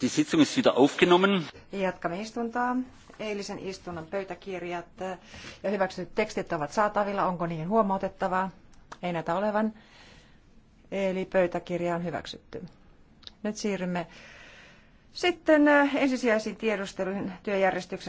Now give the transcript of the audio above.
Die Sitzung ist wieder aufgenommen. Jatkamme istuntaa. Eilisen istunnon pöytäkirjat äh, ja hyväksytyt tekstit ovat saatavilla. Onko niihin huomautettavaa? Ei näitä olevan. Eli pöytäkirja on hyväksytty. Nyt siirrymme sitten äh, ensisijaisiin tiedusteluihin työjärjestyksestä.